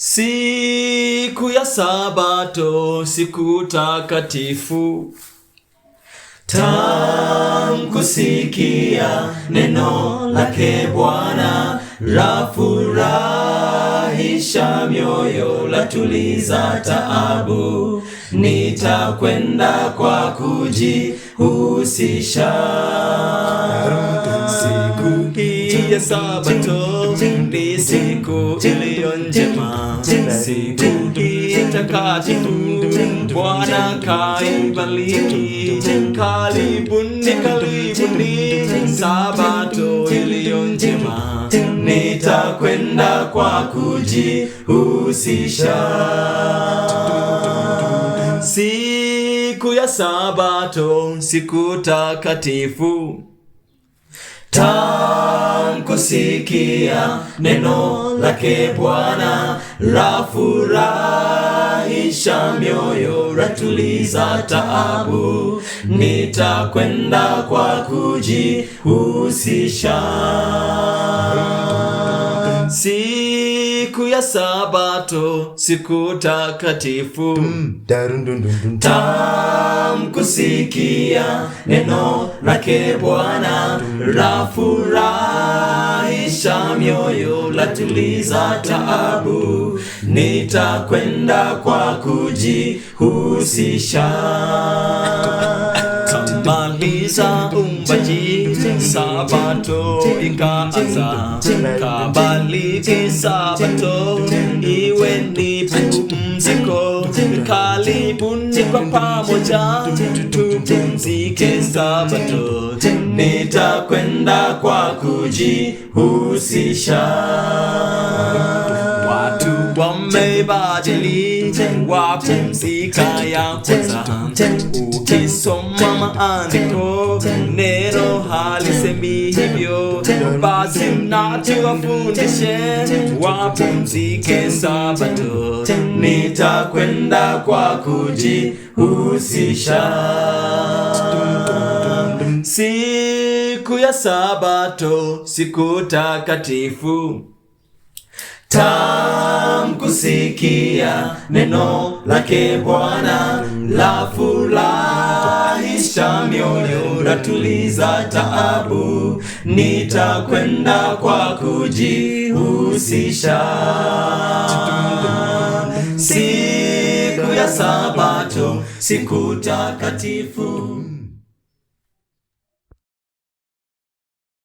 Siku ya Sabato, siku takatifu. Tangu kusikia neno lake Bwana, lafurahisha mioyo, latuliza taabu. Nitakwenda kwa kujihusisha siku hii ya Sabato hiyo njema siku itakatifu Bwana kaibariki. Karibuni, karibuni Sabato iliyo njema, nitakwenda kwa kujihusisha siku ya Sabato, siku takatifu kusikia neno lake Bwana lafurahisha mioyo, ratuliza taabu. Nitakwenda kwa kujihusisha si ya Sabato, siku takatifu. Tamkusikia neno lake Bwana, lafurahisha mioyo, latuliza taabu. Nitakwenda kwa kujihusisha kabisa umbaji sabato ikaanza kabaliki sabato iwe ni pumziko karibuni kwa pamoja tupumzike sabato nitakwenda kwa kujihusisha watu Wamei badilisha wapumzika ya kwanza. Ukisoma maandiko neno halisemi hivyo, basi mnatuwafundishe wapumzike Sabato. kwenda kwa kujihusisha siku ya Sabato, siku takatifu Ta kusikia neno lake Bwana la furahisha mioyo, latuliza taabu, nitakwenda kwa kujihusisha siku ya Sabato, siku takatifu.